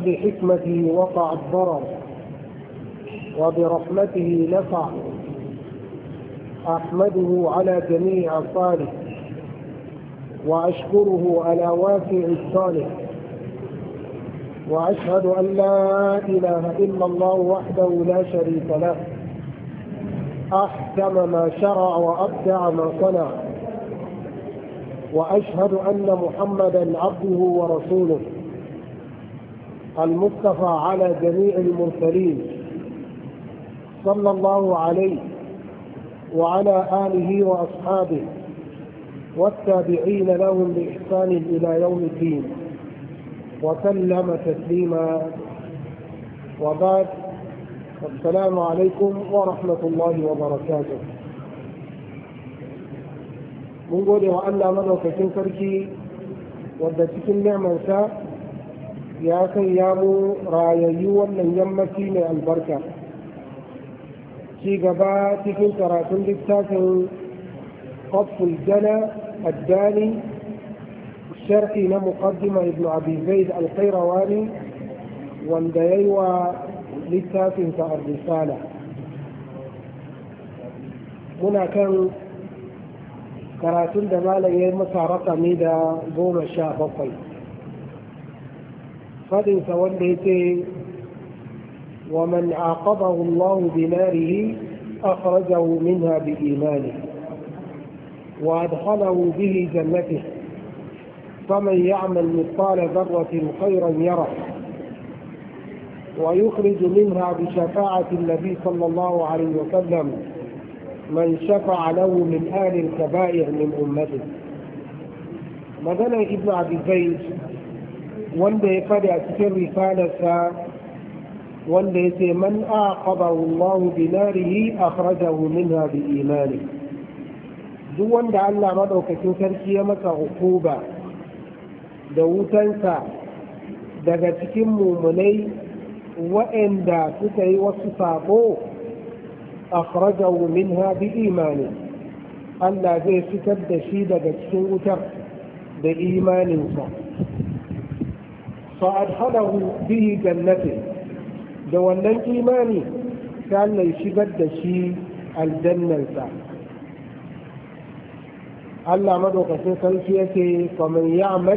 فبحكمته وقع الضرر وبرحمته نفع أحمده على جميع الصالح وأشكره على واسع الصالح وأشهد أن لا إله إلا الله وحده لا شريك له أحكم ما شرع وأبدع ما صنع وأشهد أن محمدا عبده ورسوله المصطفى على جميع المرسلين صلى الله عليه وعلى آله وأصحابه والتابعين لهم بإحسان إلى يوم الدين وسلم تسليما وبعد السلام عليكم ورحمة الله وبركاته من قول وأن من وكتن ودتك النعمة نعمة ya sanya mu rayayyu wannan yammaci mai albarka ci gaba cikin karatun littafin qaful jana addani sharhi na muqaddima ibnu abi zaid alqairawani wanda yayi wa littafin sa risala muna kan karatun da malam ya yi masa rakami da goma sha bakwai fadinsa wanda ومن عاقبه الله بناره أخرجه منها بإيمانه وأدخله به جنته فمن يعمل مثقال ذرة خيرا يره ويخرج منها بشفاعة النبي صلى الله عليه وسلم من شفع له من آل الكبائر من أمته مدنا ابن عبد الزيد wanda ya faɗi a cikin rifadarsa, wanda ya ce man aqabahu Allahu bi narihi akhrajahu wumin, bi imani duk wanda Allah madaukakin sarki ya masa hukuba da wutansa daga cikin mummunai, waɗanda suka yi wasu sabo akraja, wumin, bi imani Allah zai fitar da shi daga cikin wutar da imaninsa فأدخله به جنته دولنا الإيمان كان shigar da shi سعيد Allah madaukakin sarki yake kamar ya'mal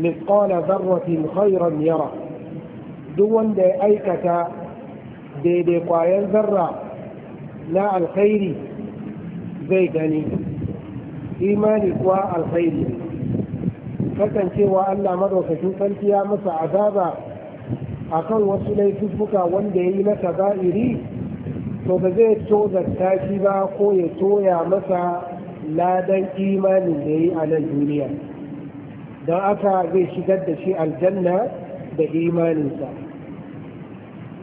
misqala dharratin khairan yara duk wanda ya aikata daidai kwayan zarra na alkhairi zai gani imani kuwa alkhairi kasancewa Allah madaukakin sarki ya masa azaba akan wasu laifuffuka wanda ya yi na kaba'iri to ba zai tozarta shi ba ko ya toya masa ladan imanin da ya yi a nan duniya don aka zai shigar da shi aljanna da imaninsa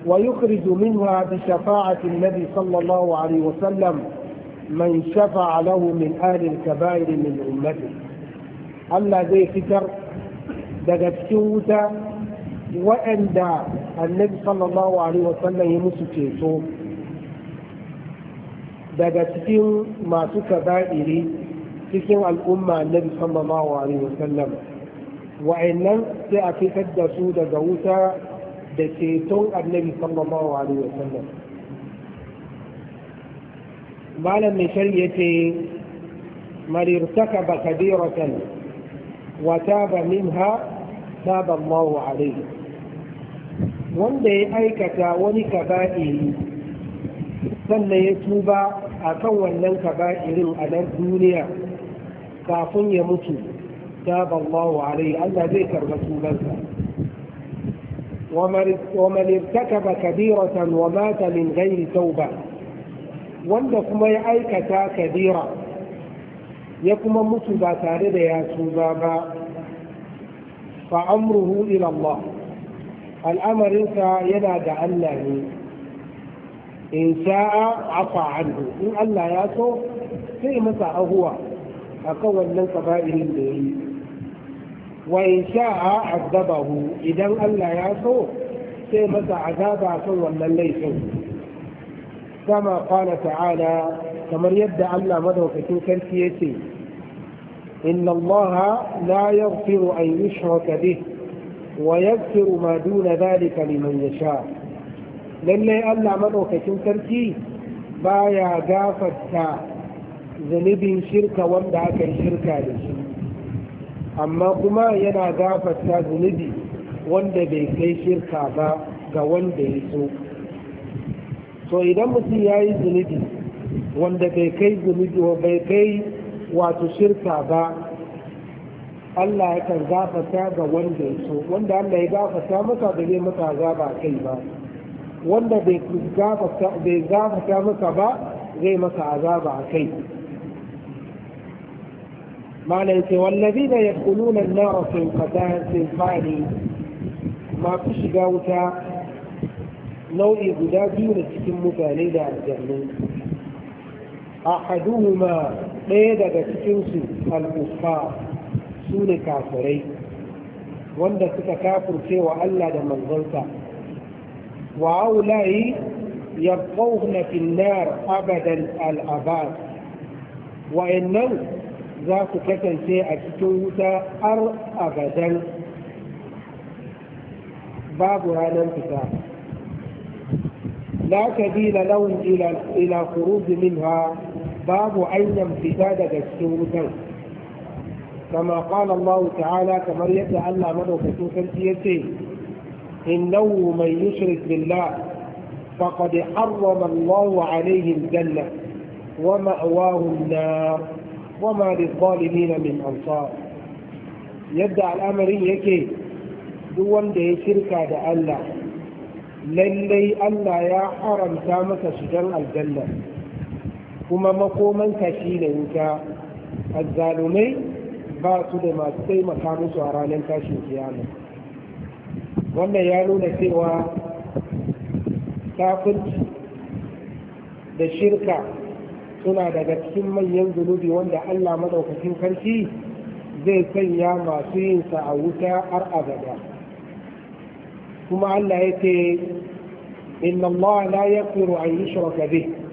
ويخرج منها بشفاعة النبي صلى الله عليه وسلم من شفع له من أهل الكبائر من أمته Allah zai fitar daga cikin wuta waɗanda annabi sallallahu alaihi wasallam ya musu ceto daga cikin masu kaza'iri cikin al'umma annabi sallallahu alaihi wasallam wa'annan sai a fitar da su daga wuta da ceton annabi sallallahu alaihi wasallam malam mai ya ce man irtakaba kabiratan وتاب منها تاب الله عليه wanda ya aikata wani kaba'iri sannan ya tuba a kan wannan kaba'irin a nan duniya kafin ya mutu taballahu alaihi Allah zai karba tubansa ومن ارتكب كبيرة ومات من غير توبة wanda kuma ya aikata kabira ya kuma mutu ba tare da ya tuba ba fa amruhu ila Allah al'amarinsa yana da Allah ne in sha'a afa anhu in Allah ya so sai masa ahuwa akan wannan kaba'irin da yi wa in sha'a azabahu idan Allah ya so sai masa azaba kan wannan laifin kama qala ta'ala kamar yadda Allah madaukakin sarki ya ce inna Allah la yaghfiru an yushraka bih wa firu ma duna dhalika liman sha lallai Allah madaukakin sarki baya gafarta zunubin shirka wanda aka yi shirka da shi amma kuma yana gafarta zunubi wanda bai kai shirka ba ga wanda ya so to idan mutum ya yi zunubi wanda bai kai zunubi bai kai wato shirka ba Allah ya kan gafata ga wanda ya so wanda Allah ya gafata maka ba zai maka azaba kai ba wanda bai gafata maka ba zai maka azaba a kai sai da معنى يقول والذين يدخلون النار سلطان ما shiga wuta nau'i guda biyu da cikin mutane da aljannu أحدهما قيد بسكنس الكفار سون كافرين وند تتكافر في وألا من ظلتا وأولئي يبقون في النار أبدا الأباد وإنه ذاك كتن سيء تتوتا أر أبدا باب هذا الكتاب لا تبيل لون إلى إلى خروج منها باب أين امتداد السوداء كما قال الله تعالى كما يتعلى منه بسوطة يسير إنه من يشرك بالله فقد حرم الله عليه الجنة ومأواه النار وما للظالمين من أنصار يبدأ الأمر يكي دون دي شركة دألا للي ألا يا حرم سامة شجر الجنة kuma tashi shi da wuta azzalumai ba su da masu taimaka musu a ranar tashin kiyama wannan ya nuna cewa kafirci da shirka suna daga cikin manyan zunubi wanda allah maɗaukacin sarki zai sanya masu yinsa a wuta har abada kuma allah ya ce inna allah la yakfiru an yi bih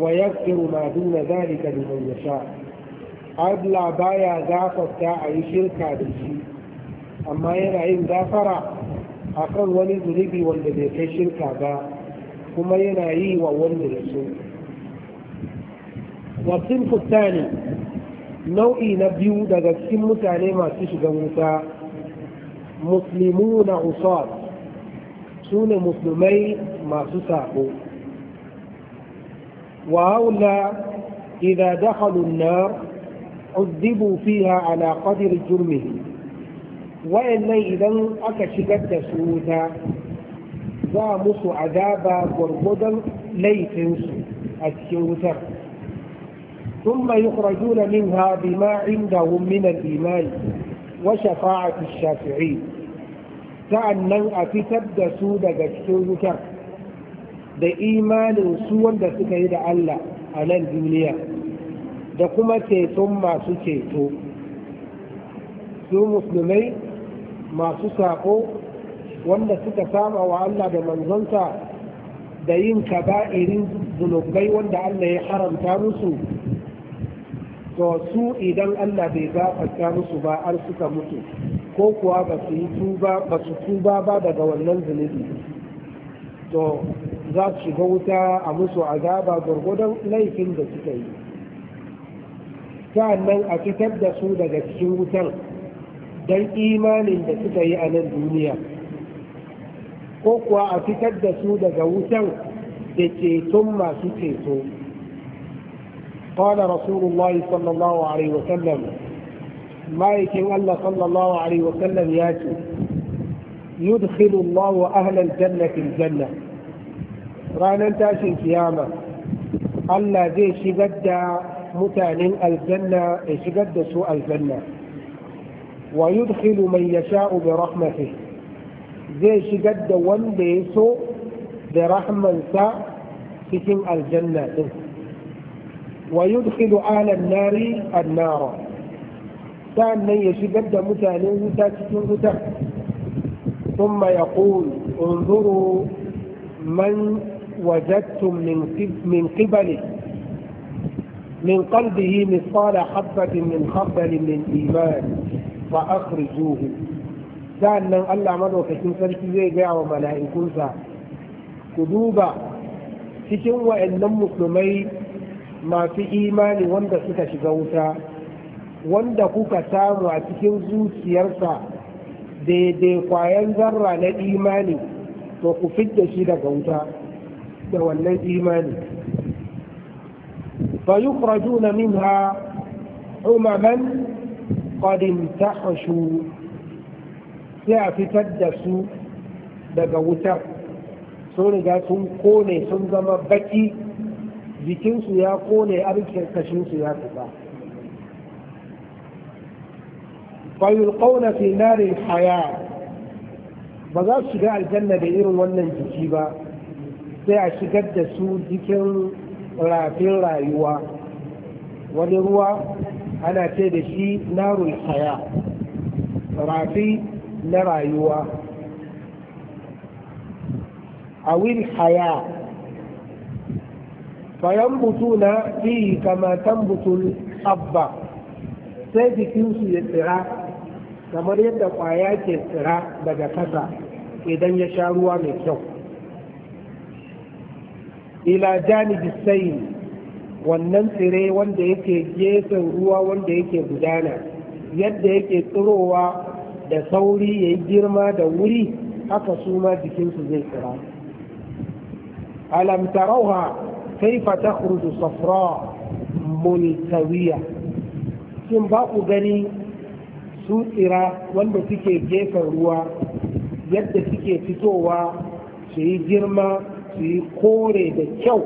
ويغفر ما دون ذلك لمن يشاء Allah baya gafarta a yi shirka da shi amma yana yin gafara a kan wani zunubi wanda bai kai shirka ba kuma yana yi wa wanda ya so wasin fustani nau'i na biyu daga cikin mutane masu shiga wuta muslimu na usad su musulmai masu saƙo. وهؤلاء إذا دخلوا النار عذبوا فيها على قدر جرمهم وإن إذا أكشفت سوتا ومس عذابا قربدا ليس السوتا ثم يخرجون منها بما عندهم من الإيمان وشفاعة الشافعين كأنن أفتد سودة السوتا da imanin su wanda suka yi da Allah a nan duniya da kuma ceton masu ceto su musulmai masu saƙo wanda suka saba wa Allah da manzonta da yin kaba'irin zunubai wanda Allah ya haramta musu to su idan Allah bai gafarta musu ba har suka mutu ko kuwa ba su tuba ba daga wannan zunubi to za su shiga wuta a musu azaba gwargwadon laifin da suka yi sa'annan a fitar da su daga cikin wutar don imanin da suka yi a nan duniya ko kuwa a fitar da su daga wutar da ceton masu ceto قال رسول الله صلى الله ma'aikin Allah sallallahu يكن الله صلى الله عليه وسلم ياتي ranar tashin kiyama Allah zai shigar da mutanen aljanna ya shigar da su aljanna wa yudkhilu man yasha'u bi rahmatih zai shigar da wanda ya so da rahmansa cikin aljanna din wa yudkhilu ala nari an-nara sannan ya shigar da mutanen wuta cikin wuta ثم يقول انظروا من وجدتم من من قبله من قلبه مثقال حبة من خردل من إيمان فأخرجوه سألنا الله مدعو كتن سركي زي جاء وملائكوسا كذوبا cikin wa'annan musulmai masu imani wanda suka shiga wuta wanda kuka samu a cikin zuciyarsa daidai kwayan zarra na imani to ku fidda shi daga wuta والإيمان فيخرجون منها عمما قد امتحشوا يعفي تدسوا دقوتا سوني قاتون قوني سنزم بكي بكين سيا قوني أبكي كشين سيا كبا فيلقون في نار الحياة بذلك شجاع الجنة بإير ونن جيبا sai a shigar da su jikin rafin rayuwa wani ruwa ana ce da shi na haya rafi na rayuwa a wil haya fayan butu na fiye kama tambutun abba sai jikinsu ya tsira kamar yadda kwaya ke tsira daga kasa idan ya sha ruwa mai kyau ila janibi sayin wannan tsire wanda yake gefen ruwa wanda yake gudana yadda yake tsirowa da sauri ya yi girma da wuri haka su ma jikinsu zai tsira alam tarauha fata takhruju safra multawiya shin ba ku gani su tsira wanda suke gefen ruwa yadda suke fitowa su yi girma su yi kore da kyau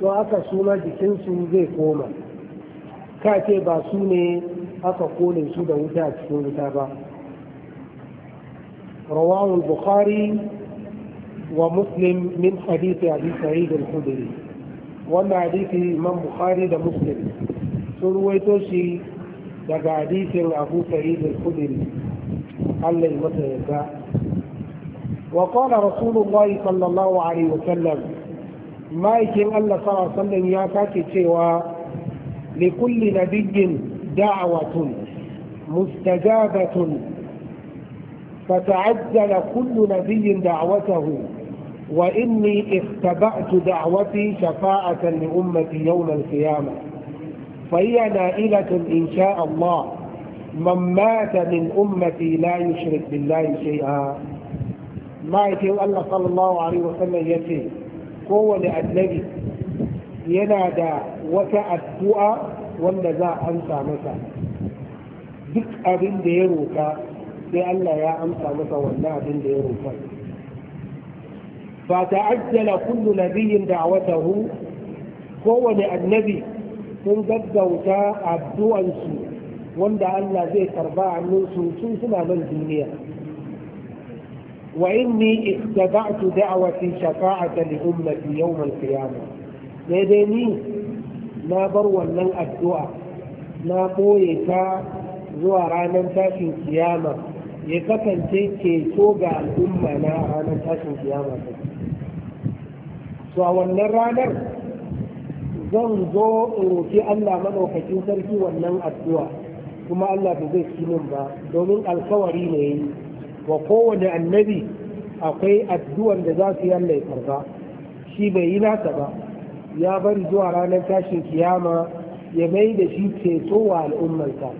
to aka suna jikinsu zai koma ka ce ba su ne aka kone su da wuta cikin wuta ba rawahu bukhari wa muslim min hadithi abi sa'id al wannan hadithi imam bukhari da muslim sun ruwaito shi daga hadithin abu sa'id al Allah ya mata yarda وقال رسول الله صلى الله عليه وسلم ma'aikin Allah sawa sallan ya sake cewa li لكل نبي دعوة مستجابة فتعجل كل نبي دعوته وإني اختبأت دعوتي شفاعة لأمتي يوم القيامة فهي نائلة إن شاء الله من مات من أمتي لا يشرك بالله شيئا ma'aikin Allah sallallahu alaihi wasallam ya ce kowane annabi yana da wata addu'a wanda za a amsa masa duk abin da ya roƙa sai Allah ya amsa masa wannan abin da ya roƙa fa ta'ajjala kullu nabiyyin da'watahu kowane annabi sun gaggauta addu'ansu wanda Allah zai karba a sun tun suna nan duniya وإني اتبعت دعوتي شفاعة لأمتي يوم القيامة يديني ما بروا لن الدعاء ما قويتا زوارانا تاشي القيامة يكتن تيكي توقع الأمة لا رانا تاشي القيامة سواء رانا zan zo in roƙi Allah maɗaukakin sarki wannan addu'a kuma Allah ba zai ci min ba domin alkawari ne yi wa kowane annabi akwai addu'an da za su yi Allah ya karba shi bai yi nasa ba ya bari zuwa ranar tashin kiyama ya mai da shi ceto wa al'ummarsa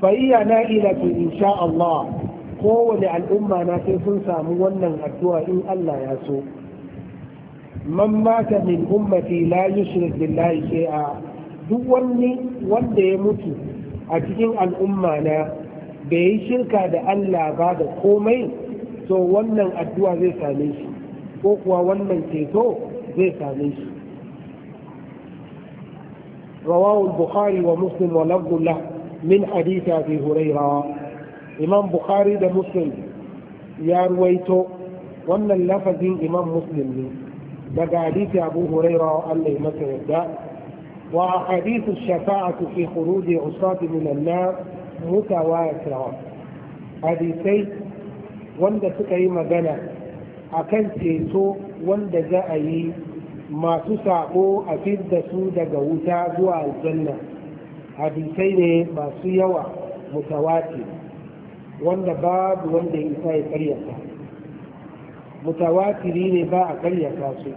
fa na na ilatu insha Allah kowane al'umma na sai sun samu wannan addu'a in Allah ya so man mata min ummati la yushrik billahi shay'a duk wani wanda ya mutu a cikin al'umma na da ya yi shirka da Allah ba da komai to wannan addu’a zai same shi ko kuwa wannan ceto zai same shi. Rawawun bukhari wa muslim wa lagullah min hadisa fi rawa. imam bukhari da muslim ya ruwaito wannan lafazin imam muslim ne daga hadisi abu hurairawa allah ya masa yadda wa hadisu shafa'atu fi khuruji usafi min annar mutawatira hadisai wanda suka yi magana a kan ceto wanda za a yi masu saƙo a fidda su daga wuta zuwa aljanna hadisai ne masu yawa mutawati wanda babu wanda ya isa ya karyata mutawatiri ne ba a karyata su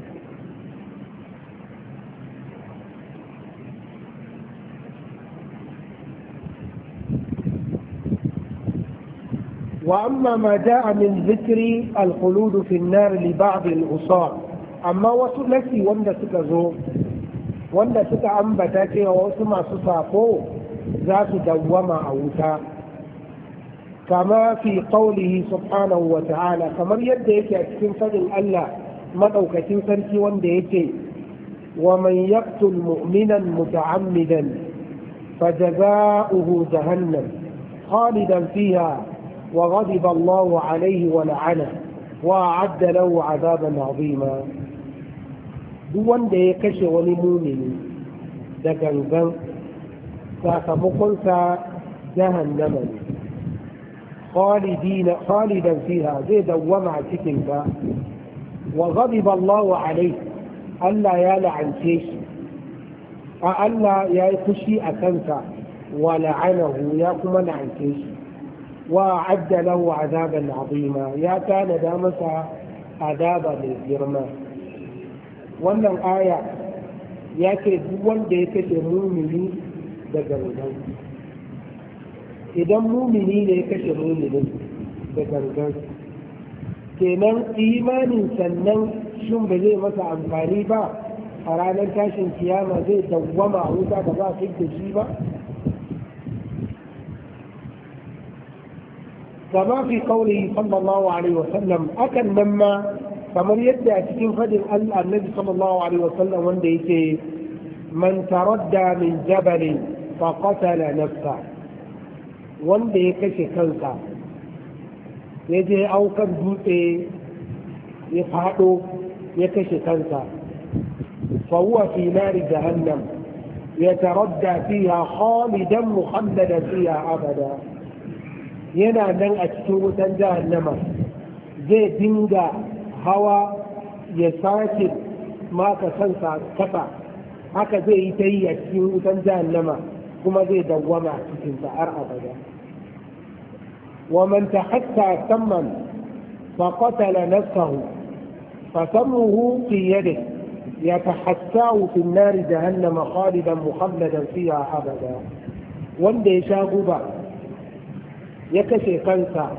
وأما ما جاء من ذكر الخلود في النار لبعض الأصال أما وسلسي وند سكزو وند سك أنبتاكي وسمع سسافو ذات دوما أوتا كما في قوله سبحانه وتعالى كما يديك أكسن فضل الله مدوك تنسنتي ونديك ومن يقتل مؤمنا متعمدا فجزاؤه جهنم خالدا فيها وغضب الله عليه ولعنه وأعد له عذابا عظيما دون ده يكشف ولمؤمن ده gangan sakamakonsa jahannama ne khalidan fiha zai dawwama a cikin ba wa Allahu alai Allah ya la'ance shi a Allah ya yi fushi a kansa wa ya kuma la'ance shi وأعد له عذابا عظيما يا كان دامسا عذابا للجرمى wannan aya ya ce duk wanda ya kashe mumini da gangan idan mumini ne ya kashe mumini da gangan kenan imanin sannan shin ba zai masa amfani ba a ranar tashin kiyama zai dawwama a wuta ba za a ba كما في قوله صلى الله عليه وسلم أكن لما فمن يدعي تكين فجر النبي صلى الله عليه وسلم وانديته من تردى من جبل فقتل نفسه وانديه كشكنك يجي أوكب جوته يفعله يكشكنك فهو في نار جهنم يتردى فيها خالدا مخددا فيها أبدا yana nan a cikin wutan nama zai dinga hawa ya sake maka kansa kafa haka zai yi ta yi a cikin wutan jahannama kuma zai dawwama a cikin har abada wa man ta hatta samman fa qatala nafsahu fa samuhu fi yadi yatahassahu fi nari jahannama khalidan muhammadan fiha abada wanda ya sha guba ya kashe kansa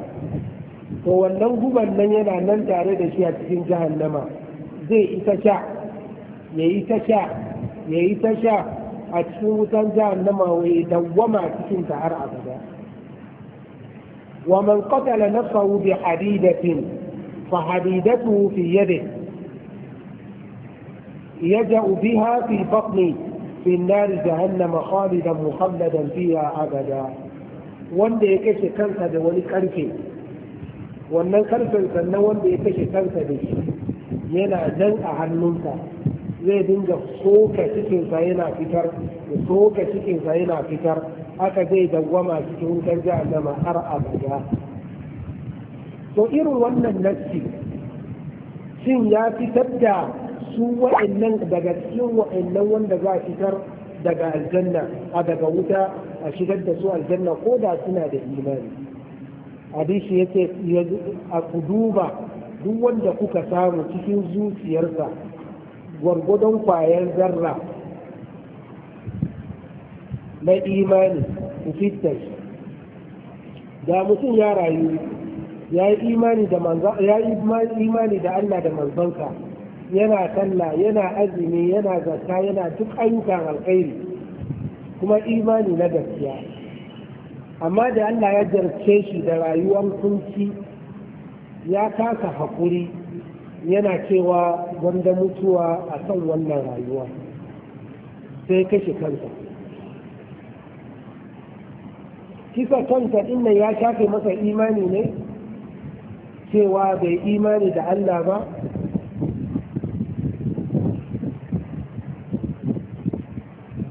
to wannan guban nan yana nan tare da shi a cikin jahannama zai ita sha ya yi ta sha ya yi ta sha a cikin wutan jahannama wai dawwama cikin ta har abada wa man qatala nafsahu bi hadidatin fa hadidatuhu fi yadihi يجأ بها في بطنه في النار جهنم خالدا مخلدا فيها أبدا wanda ya kashe kansa da wani karfe wannan karfen sannan wanda ya kashe kansa da shi yana jan a hannunsa zai dinga soka cikinsa yana fitar da soka cikinsa yana fitar haka zai dawwama cikin wutar zama har abada to irin wannan nassi shin ya fitar da su wa'annan daga cikin wa'annan wanda za a fitar daga aljanna a daga wuta a shigar da su aljanna ko da suna da imani hadisi yake a ku duba duk wanda kuka samu cikin zuciyarsa gwargwadon kwayar zarra na imani ku fitar da mutum ya rayu ya yi imani da Allah da manzanka yana talla, yana azumi yana zakka yana duk ayyukan alkhairi kuma imani na gaskiya amma da Allah ya jarce shi da rayuwar kunci ya kasa haƙuri yana cewa wanda mutuwa a kan wannan rayuwa sai kashe kansa kisa kanta inna ya shafe masa imani ne cewa bai imani da Allah ba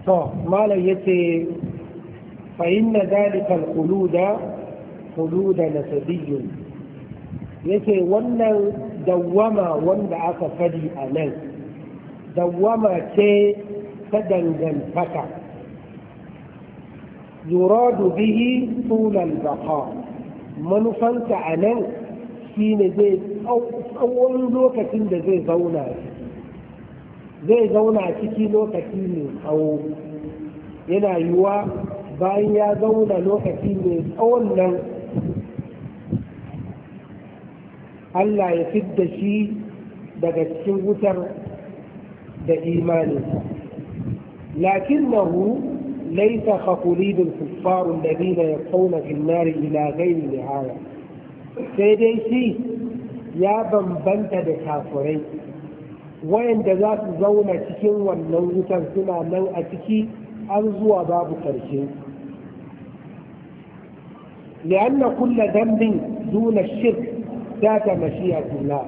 to malam yace fa inna zalika al-quluda quluda nasabiyyun yace wannan dawwama wanda aka fadi a nan dawwama ce ta dangantaka yuradu bihi tulal baqa manufanta a nan shine zai tsawon lokacin da zai zauna zai zauna ciki lokaci mai tsawo yana yiwuwa bayan ya zauna lokaci mai tsawon nan Allah ya da shi daga cikin wutar da imaninsa lakinnahu laysa da kuffar ya yaqawna fil nar ila ghayri nihaya sai dai shi ya bambanta da kafurai wayanda za su zauna cikin wannan wutar suna nan a ciki an zuwa babu ƙarshe li'anna kulla dambin duna shirk data مشيئة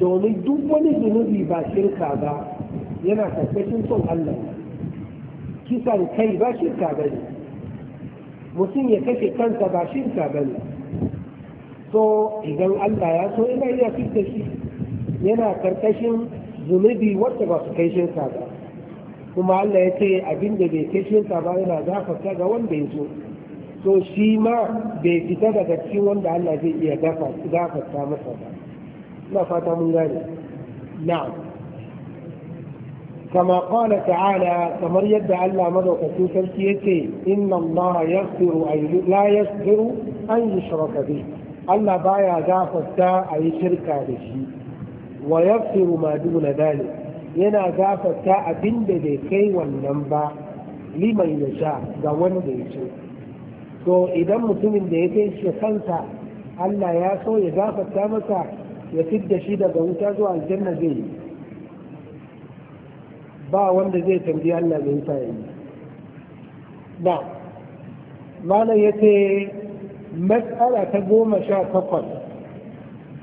domin duk wani zunubi ba shirka ba yana karkashin son Allah kisan kai ba shirka ba ne mutum ya kashe kansa ba shirka ba ne so idan Allah ya so yana iya fita shi yana karkashin zunubi wacce ba su kai shirka ba kuma Allah ya ce abin da bai kai shirka ba yana gafarta ga wanda ya zo, to shi ma bai fita daga cikin wanda Allah zai iya dafa masa ba ina fata mun gane na'am كما قال تعالى كما يد ألا مدوك سوسلتيتي إن الله يغفر أي لا يغفر أن يشرك به ألا بايا دافتا أي شركا به wa yaghfiru ma duna dalil yana gafarta abin da bai kai wannan ba liman yasha ga wanda ya ce to idan mutumin da ya kai shi kansa Allah ya so ya gafarta masa ya fidda shi daga wuta zuwa aljanna zai ba wanda zai tambi Allah mai sa yi ba malam ya ce matsala ta goma sha takwas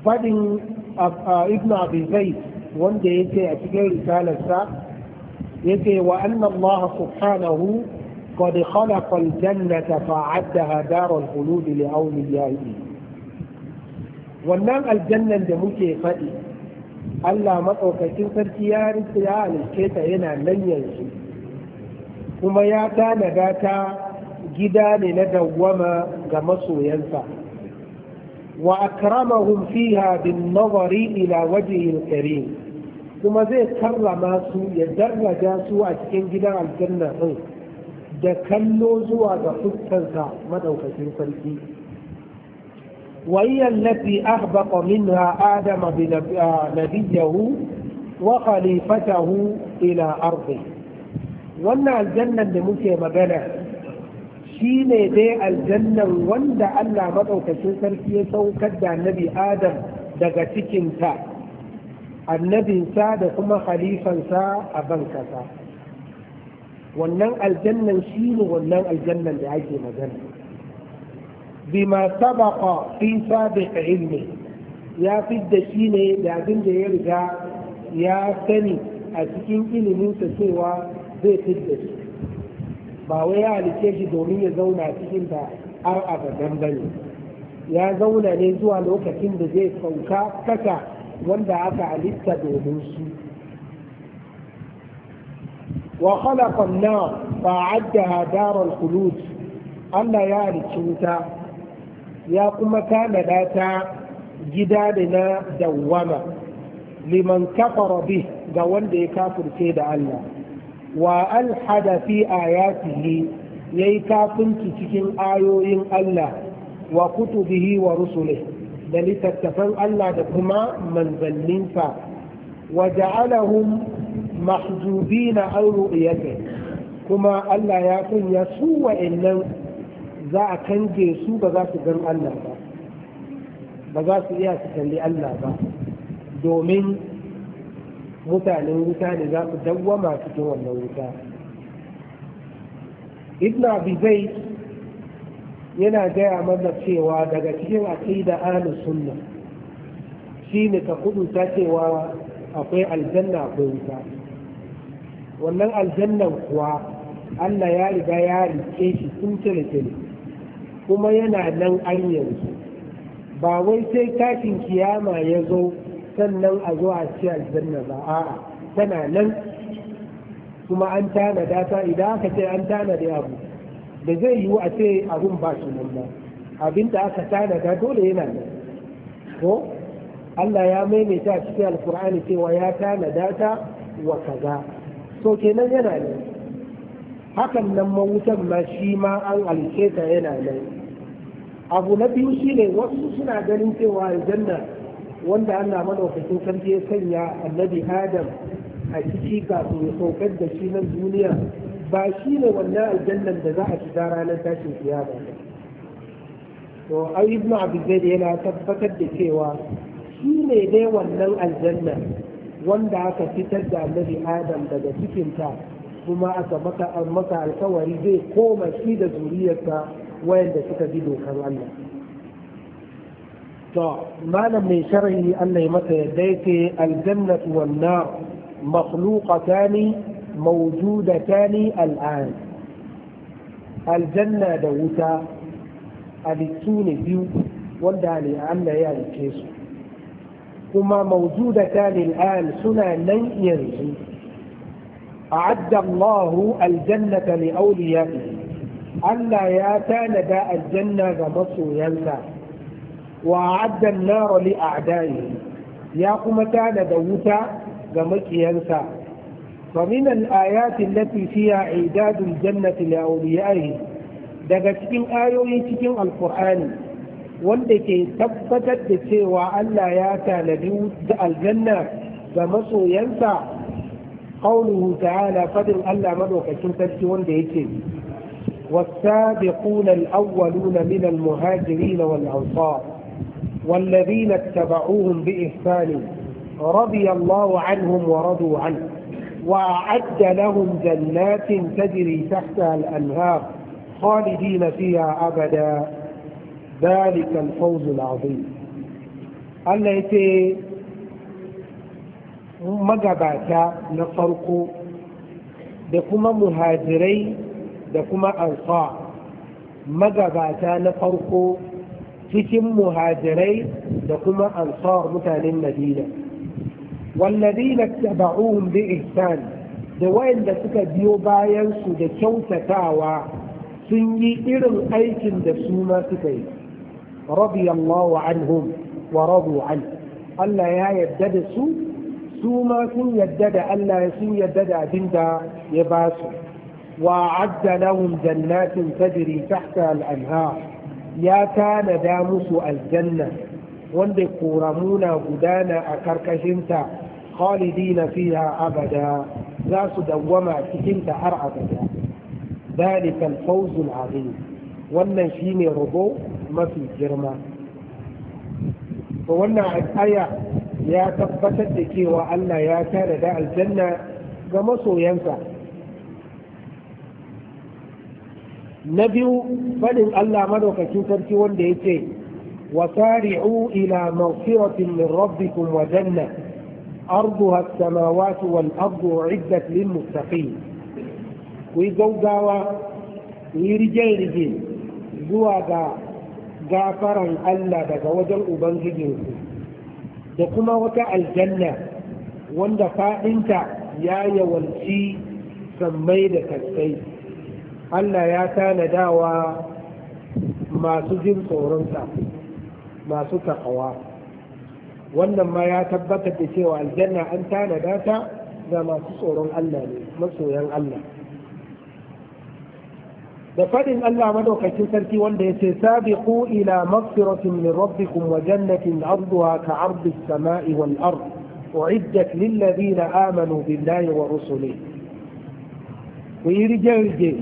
faɗin ibn abi zaid wanda yake a cikin risalarsa yake wa anna Allah subhanahu قد خلق الجنة فأعدها دار الخلود لأوليائه wannan aljannan da muke faɗi Allah maɗaukakin sarki ya rike ya halice ta yana nan yanzu kuma ya tanada ta gida ne na dawwama ga masoyansa وأكرمهم فيها بالنظر إلى وجهه الكريم كما زي كرم سوء يدرج سوء أتكين جدا الجنة da kallo zuwa ga fuskarsa madaukakin sarki وهي التي أهبط منها آدم نبيه وخليفته إلى أرضه wannan aljannan da muke magana shi ne dai aljannan wanda Allah maɗaukacin sarki ya saukar da annabi Adam daga cikinta annabinsa da kuma halifansa a bankasa wannan aljannan shi ne wannan aljannan da ake magana bima sabaqa fi sabiq ilmi ya fidda shi ne da abin da ya riga ya sani a cikin iliminsa cewa zai fidda shi ba wai ya halice shi domin ya zauna cikin ta har abadan ba ne ya zauna ne zuwa lokacin da zai sauka kasa wanda aka halitta domin su wa khalaqa an-nar fa'addaha daral khulud Allah ya halicci ta ya kuma tanada ta gida da na dawwama liman kafara bi ga wanda ya kafirce da Allah wa alhada fi ya yayi kafinci cikin ayoyin Allah wa kutubihi wa rusulih da littattafan Allah da kuma manzanninsa wa ja'alahum mahjubina an ru'yati kuma Allah ya kunya su wa'annan za a kange su ba za su gan Allah ba ba za su iya su kalli Allah ba domin mutanen wuta ne za su dawwama cikin wannan wuta ibn abizai yana gaya mana cewa daga cikin aqida ahlus sunna shine ka ta cewa akwai aljanna akwai wuta wannan aljannan kuwa Allah ya riga ya rike shi tun tele kuma yana nan an yanzu ba wai sai kafin kiyama ya zo sannan a zuwa a ci aljanna ba a'a tana nan kuma an tanada ta idan aka ce an tanada abu da zai yiwu a ce abun ba su nan ba abin da aka tanada dole yana nan ko Allah ya maimaita cikin alkur'ani cewa ya tanada ta wa kaza so kenan yana nan hakan nan mawutan ma shi ma an alke ta yana nan abu na biyu shine wasu suna ganin cewa aljanna wanda Allah madaukakin sarki ya sanya annabi Adam a ciki kafin ya saukar da shi nan duniya ba shi ne wannan aljannan da za a shiga ranar tashin kiyama to ai ibnu abdul yana tabbatar da cewa shi ne dai wannan aljanna wanda aka fitar da annabi adam daga cikinta kuma aka maka alkawari zai koma shi da zuriyarsa wayanda suka bi dokar Allah معنى من شرعه ان يمس يديك الجنة والنار مخلوقتان موجودتان الان الجنة دوتا ا ل ت و ن بيو ولد يعني هما موجودتان الان ل سنى لن ينجو أعد الله الجنة لأوليائه ج الا ياتان داء ا ل غمصوا ينزل wa addan a li a'dayi ya kuma tana da wuta ga makiyansa fa min al-ayati allati fiha i'dadu al-jannati li awliyaihi daga cikin ayoyi cikin alqur'ani wanda ke tabbatar da cewa Allah ya tanadi aljanna ga masoyansa qawluhu ta'ala fadin Allah madaukakin sarki wanda yake والسابقون الأولون من المهاجرين والأنصار والذين اتبعوهم بإحسان رضي الله عنهم ورضوا عنه وأعد لهم جنات تجري تحتها الأنهار خالدين فيها أبدا ذلك الفوز العظيم التي مجبات ce magabata مهاجرين farko أنصار مجبات muhajirai cikin muhajirai da kuma ansar mutanen madina والذين اتبعوهم بإحسان da wayanda suka biyo bayan su da kyautatawa sun yi irin aikin da su ma suka yi radiyallahu anhum wa radu an Allah ya yadda da su su ma sun yadda da Allah ya sun yadda da abin da ya ba su wa adda lahum jannatin tajri tahta al-anhar ya tanada musu aljanna wanda koramuna gudana a karkashinta khalidina fiha abada za su dawwama cikinta har abada ذلك الفوز العظيم wannan shine rabo mafi girma to wannan aya ya tabbatar da cewa Allah ya tanada aljanna ga masoyansa na biyu faɗin Allah madaukakin sarki wanda ya ce wasari'u ila mawfiratin min rabbikum wa janna arduha as-samawati wal ardu uiddat lil muttaqin ku gaugawa ku rige-rige zuwa ga gafaran Allah daga wajen ubangijinku da kuma wata aljanna wanda faɗinta ya yawanci sammai da kaskai. Allah ya tanadawa masu jin tsoronsa masu takawa wannan ma ya tabbatar da cewa aljanna an tanada ta ga masu tsoron Allah ne masoyan Allah da faɗin Allah madaukakin sarki wanda ya ce sabiqu ila maghfiratin min rabbikum wa jannatin arduha ka ardi samai wal ard uiddat lil ladina amanu billahi wa rusulihi ku yi rige-rige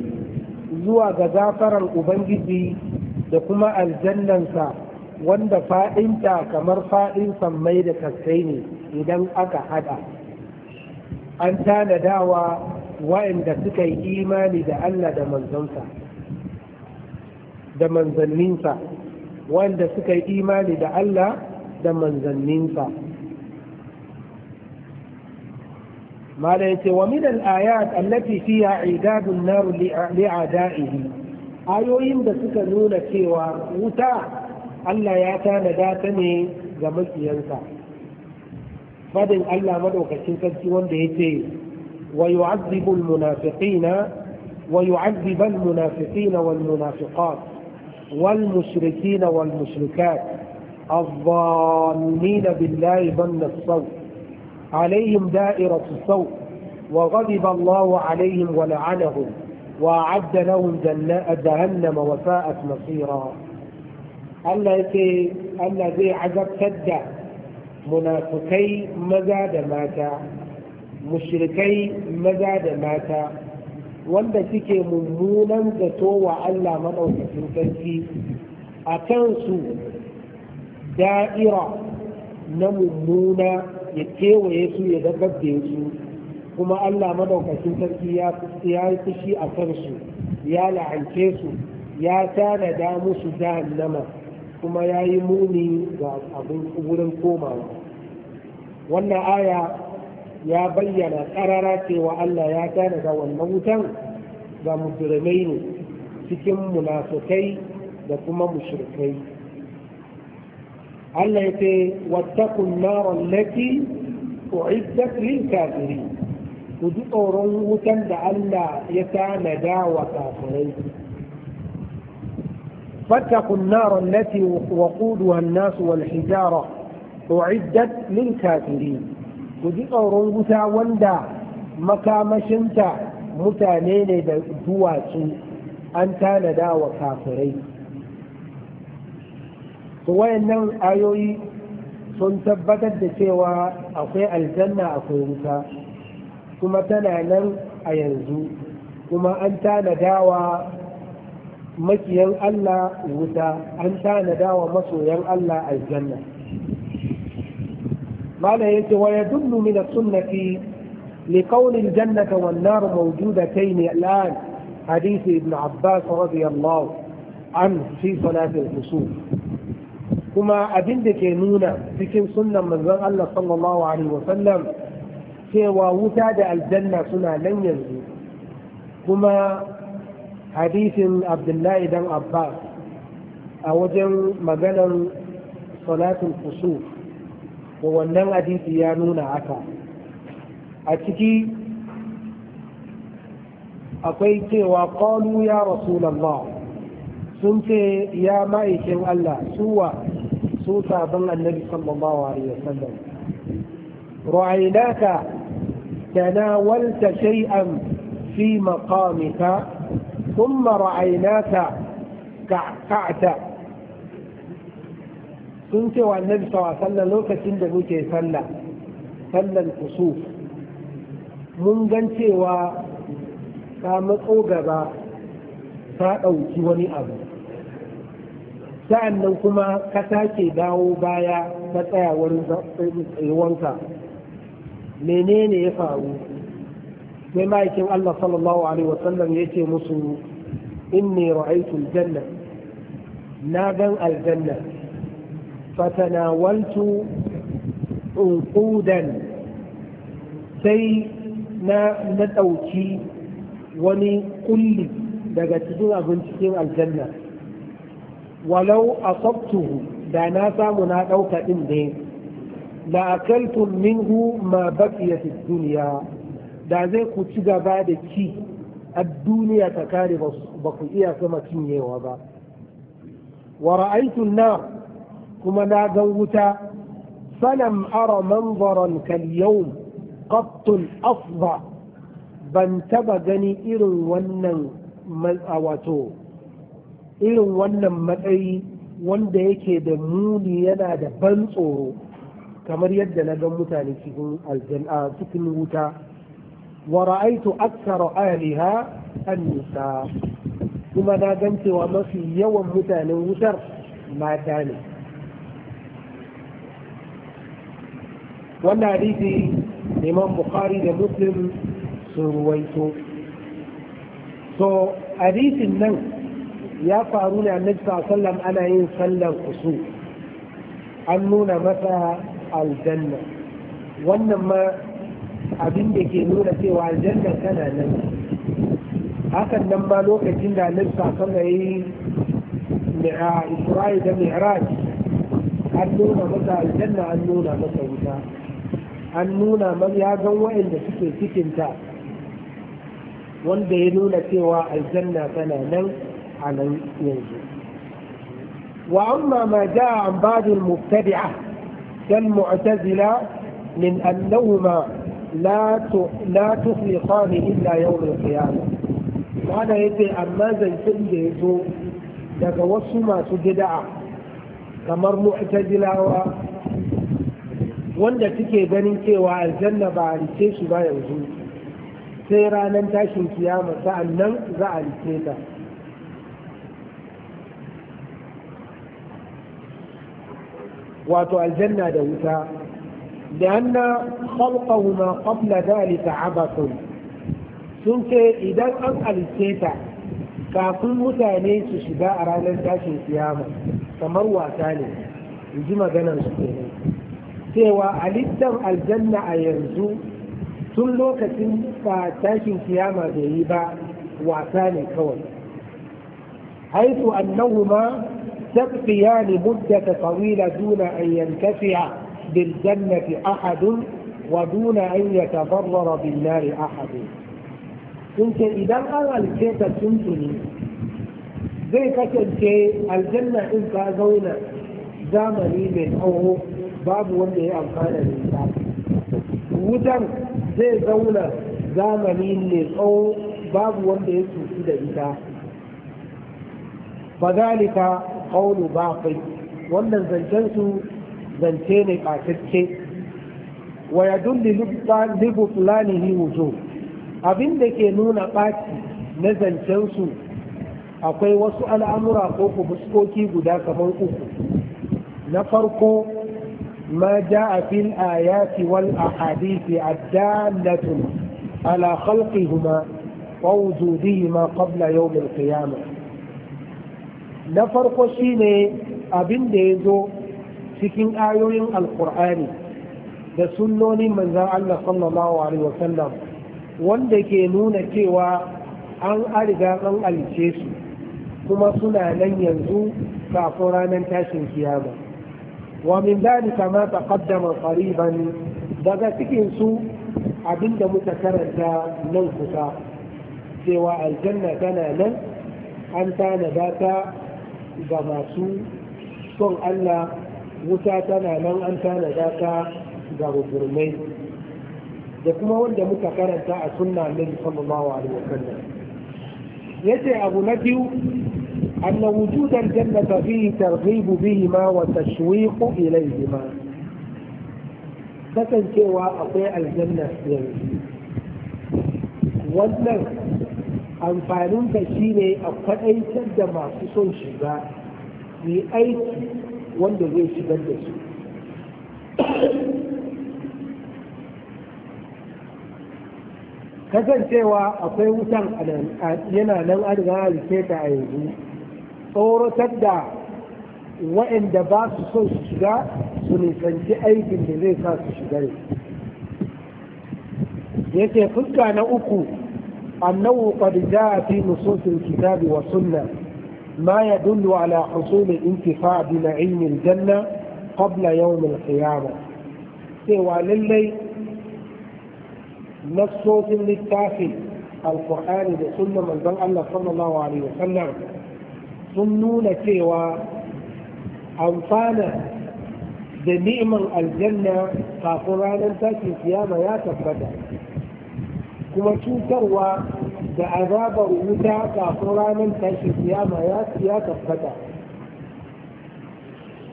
zuwa ga zafaran ubangiji da kuma aljannansa wanda fa'inta kamar fa'in sammai da kaskai ne idan aka hada an tanadawa wa'inda suka yi imani da Allah da manzansa da manzanninsa wanda suka yi imani da Allah da manzanninsa ما ليتي ومن الآيات التي فيها عداد النار لاعدائه آيوين بسك نولا كيوا وتا ألا ياتان داتني جمس ينسى فدن ألا مدوك الشنكسي وانديتي ويعذب المنافقين ويعذب المنافقين والمنافقات والمشركين والمشركات الظالمين بالله ظن الصوت عليهم دائرة السوء وغضب الله عليهم ولعنهم وأعد لهم جهنم وساءت مصيرا التي الذي عذب سد منافقي مزاد ماتا مشركي مزاد ماتا والتي ممنونا mummunan zato wa Allah maɗaukakin أتنسوا دائرة kansu ya kewaye su ya dabbabe su kuma Allah madaukakin sarki ya yi fushi a kansu ya la'ance su ya tanada musu jahannama kuma ya yi muni ga abin wurin komawa wannan aya ya bayyana karara cewa Allah ya tanada wannan wutan ga musulmai ne cikin munafukai da kuma mushrikai على يتي واتقوا النار التي أعدت للكافرين ودور وتن لعل يتانا داوى كافرين فاتقوا النار التي وقودها الناس والحجارة أعدت للكافرين ودور وتا وندا مكام شنتا متانين دواتي أنت لداوى كافرين to wayannan ayoyi sun tabbatar da cewa akwai aljanna akwai wuta kuma tana nan a yanzu kuma an tanadawa makiyan Allah wuta an tanadawa masoyan Allah aljanna ماذا يأتي ويدل من السنة لقول الجنة والنار موجودتين الآن حديث ابن عباس رضي الله عنه في صلاة الخصوم kuma abin da ke nuna cikin sunnan manzon Allah sallallahu alaihi wasallam cewa wuta da aljanna suna nan yanzu kuma hadisin abdullahi dan abbas a wajen maganar salatul kusuf wa wannan hadisi ya nuna haka a ciki akwai cewa qalu ya rasulullah sun ce ya ma'aikin Allah suwa su sabon annabi sallallahu alaihi wasallam ru'ainaka tanawalta shay'an fi maqamika thumma ru'ainaka ka'ata sun ce wa annabi sallallahu alaihi wasallam lokacin da muke sallah sallan kusuf mun gan cewa ka matso gaba ta ɗauki wani abu nan kuma ka sake dawo baya ta tsaya wurin tsayuwanka menene ya faru sai ma'aikin Allah sallallahu alaihi wasallam ya ce musu inni ra'aytu aljanna na gan aljanna fatanawaltu unqudan sai na na ɗauki wani kulli daga cikin abincin aljanna walau a asabtuhu da na samu na ɗauka ɗin ne la akaltum minhu ma baqiya fi dunya da zai ku ci gaba da ki a duniya ta kare ba ku iya sama cinyewa ba wa ra'aytu nar kuma na ga wuta falam ara manzaran kal yawm qattun afdha ban taɓa gani irin wannan wato irin wannan matsayi wanda yake da muni yana da ban tsoro kamar yadda na gan mutane cikin aljanna cikin wuta wa ra'aitu aktsara ahliha an-nisa kuma na gan cewa mafi yawan mutanen wutar mata ne wannan hadisi imam bukhari da muslim sun ruwaito so hadisin nan ya faru ne annabi sallam ana yin sallar kusu an nuna masa aljanna wannan ma abin da ke nuna cewa aljanna tana nan hakan nan ma lokacin da annabi sallam ya yi isra'i da mi'raj an nuna masa aljanna an nuna masa wuta an nuna man ya gan wa'anda suke cikinta wanda ya nuna cewa aljanna tana nan ينزل وأما ما جاء عن بعض المبتدعة كالمعتزلة من أنهما لا لا تخلقان إلا يوم القيامة وهذا يدعي أما زي سيدي يزو يتوسو ما تجدع كما المعتزلة و وانا تكي بني كي وعزلنا بعد كيش با يوزو سيرانا تاشي القيامة فأنا زعل كيشة wato aljanna da wuta لأن خلقهما قبل ذلك عبث sun ce idan an halitte ta kafin mutane su shiga a ranar tashin kiyama kamar wasa ne in ji maganar su cewa halittar aljanna a yanzu tun lokacin ba tashin kiyama bai yi ba wasa ne kawai haitu annahuma تبقيان مدة طويلة دون أن ينتفع بالجنة أحد ودون أن يتضرر بالنار أحد يمكن إذا أنا الكيت تنتني زي كتنتي الجنة إن دام لي من أوه باب وندي أمكان الإنسان وتر زي زونا لي من أوه باب وندي سوسيدة الانسان فذلك qawlu batil wannan zancen su zance ne ɓatacce wa yadullu li butlanihi wujuh abin da ke nuna ɓaci na zancen su akwai wasu al'amura ko fuskoki guda kamar uku na farko ما جاء في الآيات والأحاديث الدالة على خلقهما ووجودهما قبل يوم القيامة na farko shine abin da ya zo cikin ayoyin alkur'ani da sunnoni manzan Allah sallallahu alaihi wasallam wanda ke nuna cewa an ariga an alice su kuma suna nan yanzu kafin ranar tashin kiyama wa min dalika ma taqaddama qariban daga cikin su abinda muka karanta nan kusa cewa aljanna tana nan an tanada ta ga masu son Allah wuta tana nan an tanada ta ga rugurmai da kuma wanda muka karanta a sunna annabi sallallahu alaihi Ya ce abu na biyu أن وجود الجنة فيه ترغيب بهما وتشويق إليهما kasancewa akwai aljanna yanzu wannan amfanin shi ne a kwaɗaitar da masu son shiga yi aiki wanda zai shigar da su kasancewa akwai wutan yana nan an riga ta a yanzu tsoratar da waɗanda ba su son su shiga su nisanci aikin da zai sa su shigar yake fuska na uku أنه قد جاء في نصوص الكتاب والسنة ما يدل على حصول الانتفاع بنعيم الجنة قبل يوم القيامة سوى للي نصوص للتافي القرآن بسنة من ذن الله صلى الله عليه وسلم سنون سوى أنصانا بنعم الجنة aljanna تاتي القيامة يا kiyama kuma cutarwa da azabar wuta kafin ranar tashi kiyama ya tabbata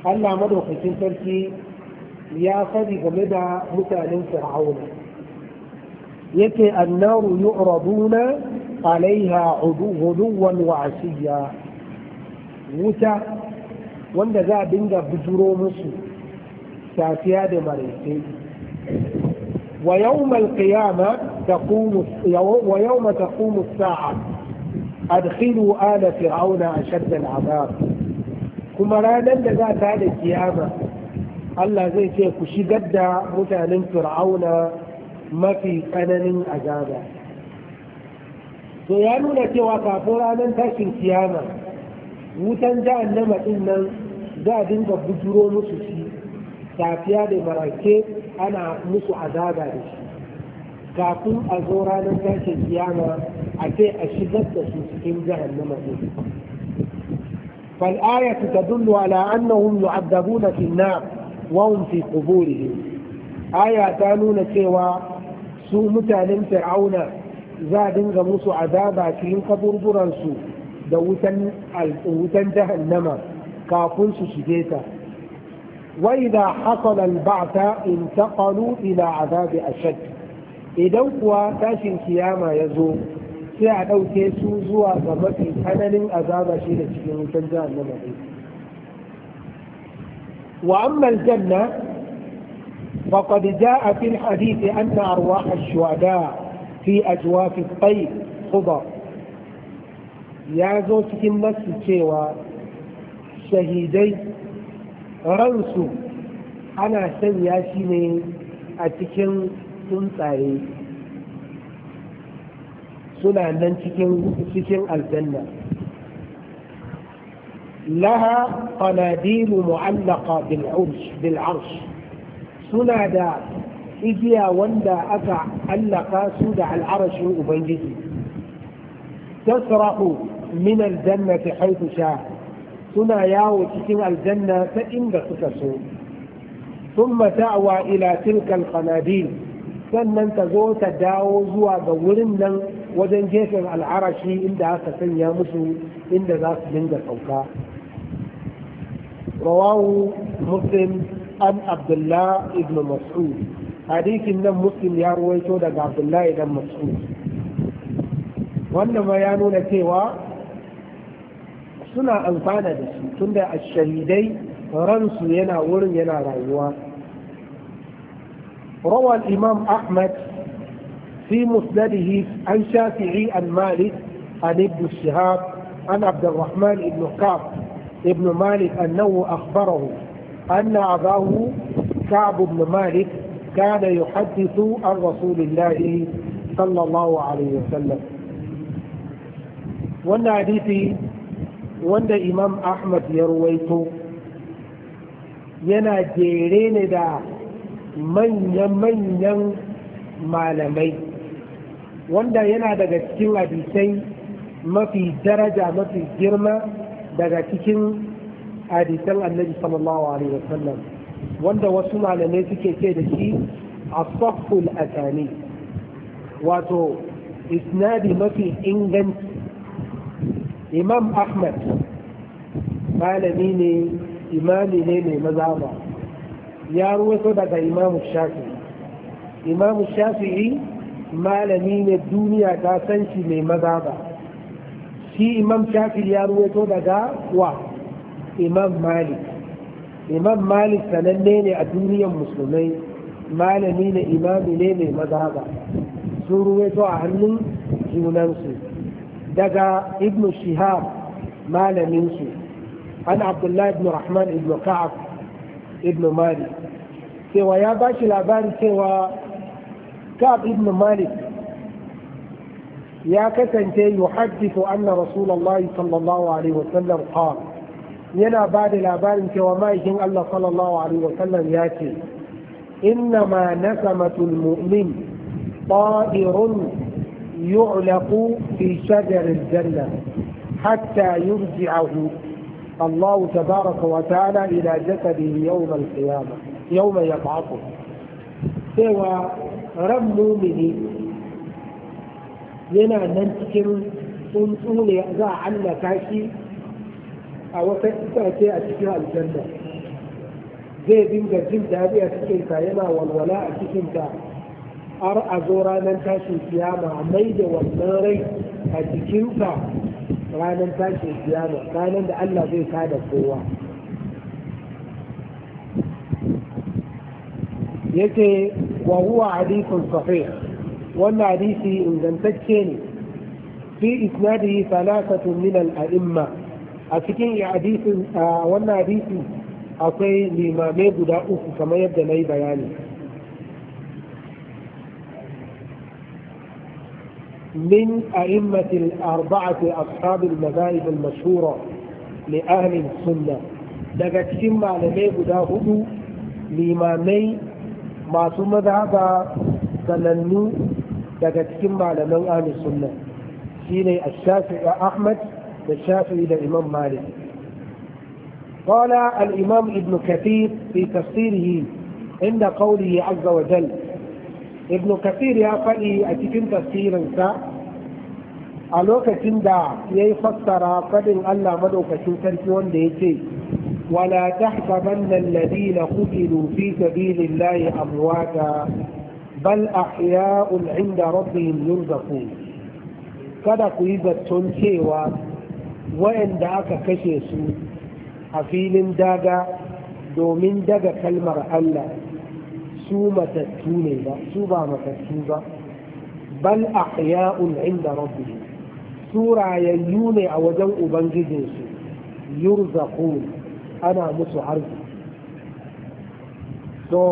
Allah madaukakin sarki ya faɗi game da mutanen fir'auna yake annaru yu'raduna alaiha huduwan wa asiya wuta wanda za a dinga bujuro musu safiya da maraice wa yawmal qiyama تقوم ويوم تقوم fir'auna a آل فرعون kuma ranar da za ta تعالى القيامة allah zai ce ku shigar da mutanen fir'auna mafi tsananin azaba to ya nuna cewa kafin ranar tashin kiyama wutan jahannama din nan za a dinga bujuro musu shi safiya da marake ana musu azaba da shi kafin a zo ranar tashin kiyama a ce a shigar da su cikin jihar na mace. su ta dunnu ala annahum yu abdabu na finna wa hun Aya ta nuna cewa su mutanen fir'auna za a dinga musu azaba cikin kaburburansu da wutan wutan jahannama kafin su shige ta wa idha hasala al-ba'tha intaqalu ila azabi ashad idan kuwa tashin kiyama ya zo sai a ɗauke su zuwa ga mafi tsananin azaba shi da cikin wutar na ne wa amma da ja jaa fi alhadith anna arwah ash-shuhada fi ajwaf at-tayr khudar ya zo cikin nasu cewa shahidai ransu ana sanya shi ne a cikin tsuntsaye suna nan cikin cikin aljanna laha qanadilu mu'allaqa bil arsh bil arsh suna da igiya wanda aka allaka su da al'arashin ubangiji tasrahu min fi haythu sha suna yawo cikin aljanna ta inda suka so ثم دعوى إلى تلك القناديل sannan ta zo ta dawo zuwa ga wurin nan wajen gefen al'arashi inda aka sanya musu inda za su dinga sauka rawahu muslim an abdullah ibn mas'ud hadisin nan muslim ya ruwaito daga abdullah ibn mas'ud wannan ma ya nuna cewa suna amfana da su tunda a shahidai ransu yana wurin yana rayuwa روى الإمام أحمد في مسنده عن شافعي عن مالك عن ابن الشهاب عن عبد الرحمن بن كعب بن مالك أنه أخبره أن أباه كعب بن مالك كان يحدث عن رسول الله صلى الله عليه وسلم وان حديثي وان إمام أحمد يرويته ينا جيرين jere Manyan manyan malamai wanda yana daga cikin hadisai mafi daraja mafi girma daga cikin hadisan annabi sallallahu alaihi wasallam wanda wasu malamai suke ce da shi a safkul asani wato isnadi mafi inganci imam ahmad malami ne imami ne mai mazaba ya ruwaito daga imamu shafi'i imamu shafi'i malami ne duniya ta san shi mai maza ba shi imam shafi'i ya ruwaito daga wa imam malik imam malik sananne ne a duniyar musulmai malami ne imami ne mai maza ba sun ruwaito a hannun junansu daga ibn shihab malaminsu an abdullahi ibn rahman ibn ka'ab ibn malik cewa ya ba shi labari cewa ka'ab ibn malik ya kasance yuhaddithu anna rasulullahi sallallahu alaihi wasallam qala yana ba da labarin cewa ma'aikin Allah sallallahu alaihi wasallam ya ce inna ma nasamatul mu'min ta'irun yu'laqu fi shajar aljanna hatta yurji'ahu الله تبارك وتعالى إلى جسده يوم القيامة يوم يبعثه سوى ran mumini yana nan cikin tsuntsu ne za a allaka shi a wata itace a cikin aljanna zai dinga jin daɗi a cikinta yana walwala a cikinta har a zo ranar tashin kiyama a mai da wannan rai a jikinsa ranar tashin kiyama ranar da Allah zai kada kowa yace wahuwa huwa hadithun sahih wannan hadisi ingantacce ne fi isnadihi thalathatu min al-a'imma a cikin hadisin wannan hadisi akwai limamai guda uku kamar yadda na yi bayani من أئمة الأربعة أصحاب المذاهب المشهورة لأهل السنة دقت سمع لمي بدا هدو لما ما ثم ذهب سننو دقت سمع لمن أهل السنة سيني الشافعي أحمد الشافعي الإمام مالك قال الإمام ابن كثير في تفسيره عند قوله عز وجل ibn kasir ya faɗi a cikin tafsirinsa a lokacin da ya yi fassara faɗin allah madaukakin sarki wanda ya ce ولا تحسبن الذين قتلوا في سبيل الله أمواتا بل أحياء عند ربهم يرزقون kada ku yi zaton cewa waɗanda aka kashe su a filin daga domin daga kalmar Allah su matattu ne ba su ba matattu ba bal ahya'un inda rabbihim su rayayyu ne a wajen ubangijinsu yurzaqun ana musu arziki to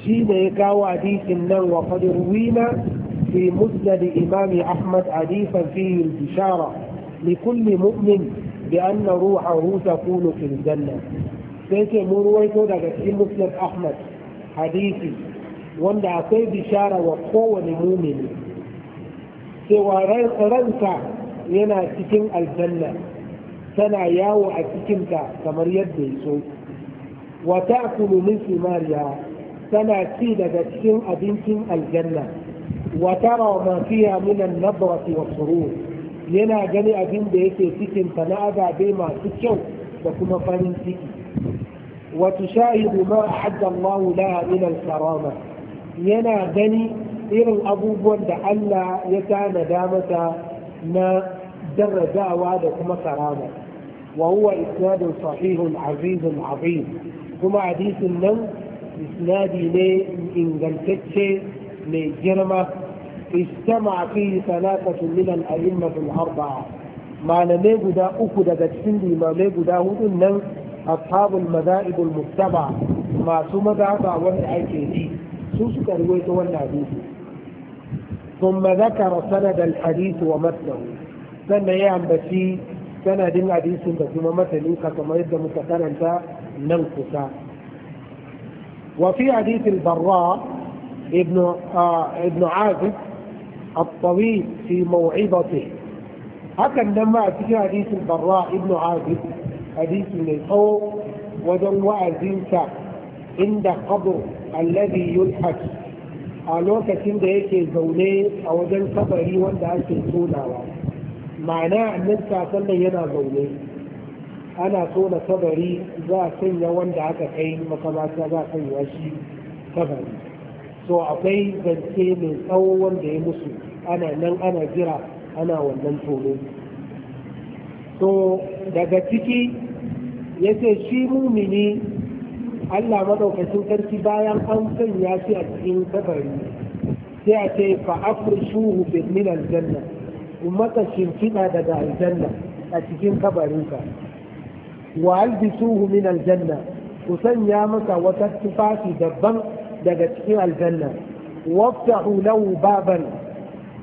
shi ne ya kawo hadisin nan wa qad ruwina في مسند إمام أحمد حديثا فيه البشارة لكل مؤمن بأن روحه تكون في الجنة sai ce mun ruwaito daga cikin muslim ahmad hadisi wanda akwai bishara wa kowane mumini cewa ranka yana cikin aljanna tana yawo a cikinta kamar yadda ya so Wata ta'kulu min sumariya tana ci daga cikin abincin aljanna Wata tara wa fiha min an-nadrati wa yana gani abin da yake cikinta na azabe masu kyau da kuma farin ciki وتشاهد ما أعد الله لها من الكرامة ينا بني إلى الأبوب ألا يتانا دامة ما دعوة كما كرامة وهو إسناد صحيح عزيز عظيم كما حديث النم إسنادي لي إن قلتك لجرمة اجتمع فيه ثلاثة من الأئمة الأربعة ما لم يجد أكد قد سندي ما لم يجد أهد النم أصحاب المذائب المتبع ما سمدع دعوه الحكيدي سوسك روية والنعبيد ثم ذكر سند الحديث ومثله سنة يعم بشي سنة دين عديث بسيما مثلي كما يدى متسنة ننفسا وفي حديث البراء ابن, آه، ابن عازف الطويل في موعظته. هكذا لما أتيه حديث البراء ابن عازف hadisi mai tsawo wajen wa'azinsa inda qabr alladhi yulhaq a lokacin da yake zaune a wajen kabari wanda ake tonawa ma'ana annabi sallallahu yana zaune ana tona kabari za a sanya wanda aka kai makamata za a sanya shi kabari so akwai zance mai tsawo wanda ya musu ana nan ana jira ana wannan tono so daga ciki yace shi mumini Allah madaukakin sarki bayan an sanya shi a cikin kabari sai a ce fa afrishuhu min aljanna ummata shimfiɗa daga aljanna a cikin kabarinka wa albisuhu min aljanna ku sanya masa wata tufafi daban daga cikin aljanna waftahu lahu baban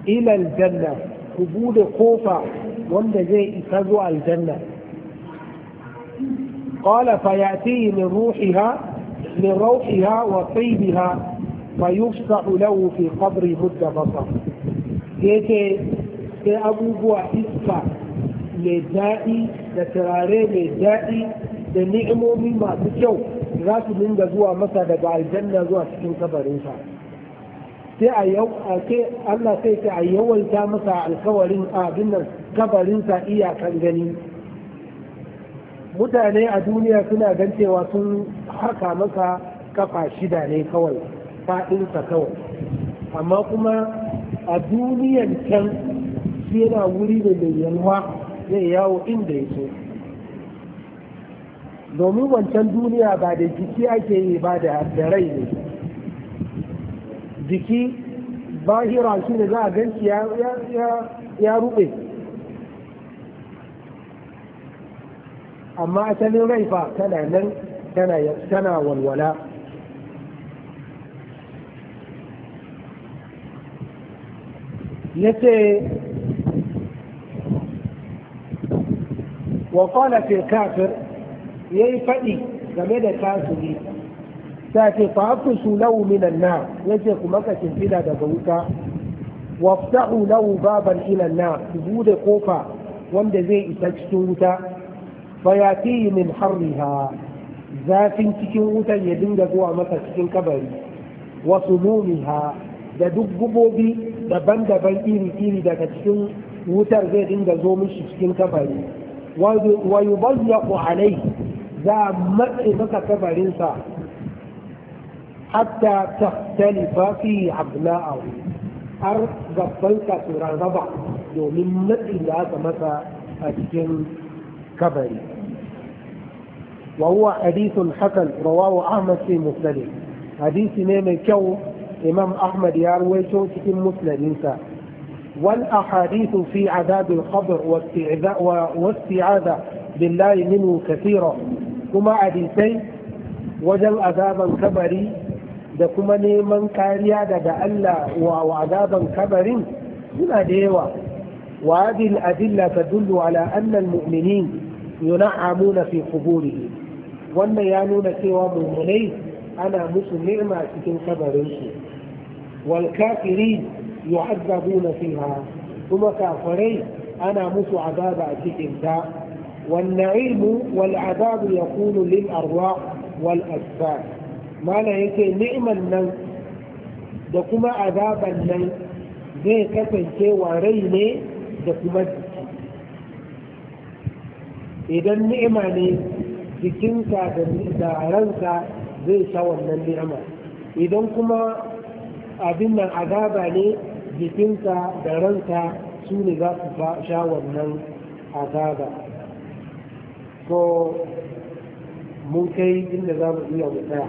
ila aljanna ku bude kofa wanda zai isa zuwa aljanna قال فيأتيه من روحها من روحها وطيبها فيفسح له في قبر مد بصر yace sai abubuwa iska mai daɗi da turare mai daɗi da ni'imomi masu kyau za su dinga zuwa masa daga aljanna zuwa cikin kabarinsa sai a yau Allah sai ta yawaita masa alkawarin abin nan kabarinsa iyakan gani mutane a duniya suna gan cewa sun haka maka kafa shida ne kawai faɗinsa kawai amma kuma a duniyan can shi yana wuri da mai yalwa zai yawo inda ya so domin wancan duniya ba da jiki ake yi ba da rai ne jiki bahira shi ne za a ya rube amma asalin rai fa tana nan tana walwala yace wa qala fil kafir yayi game da kafiri ta ce fa akusu lahu minan nar yace kuma ka shimfida daga wuta waftau lahu baban ila nar ku bude kofa wanda zai isa cikin wuta fayati min harriha zafin cikin wutar ya dinga zuwa masa cikin kabari wa sumumiha da duk gubobi daban-daban iri-iri daga cikin wutar zai dinga zo mishi cikin kabari wa ku alai za matse masa kabarinsa hatta tahtalifa fi abna'ahu har gabbansa su rarraba domin matsin da aka masa a cikin kabari وهو حديث حسن رواه أحمد في مسنده حديث نيم كو إمام أحمد يروي في مسند والأحاديث في عذاب القبر واستعاذة بالله منه كثيرة كما حديثين وجل عذابا كبري da kuma neman kariya daga Allah wa azaban kabarin suna da yawa wa hadhihi al-adilla tadullu ala anna al-mu'minin yun'amuna fi quburihim wannan ya nuna cewa mummunai ana musu ni'ima cikin kabarinsu wal kafiri yu'azzabuna fiha kuma kafirai ana musu azaba a cikin ta wan na'imu wal azabu yakunu lil arwah wal asfar mala yake ni'iman nan da kuma azaban nan zai kasance wa rai ne da kuma idan ni'ima ne jikinka da ranka zai sha wannan ni'ama idan kuma abin nan azaba ne jikinka da ranka su ne za su sha wannan azaba so mun kai inda za mu iya mu tsaya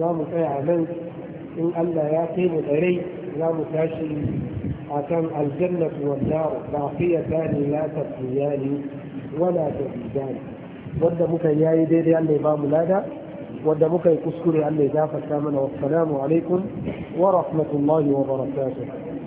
za mu tsaya a nan in allah ya kai mu tsare za mu tashi a kan aljannatu wanda ba fiye ta ne la tafiya ne wala ta wanda muka yayi daidai Allah ya ba mu lada wanda muka yi kuskure Allah ya gafarta mana wassalamu alaikum wa rahmatullahi wa barakatuh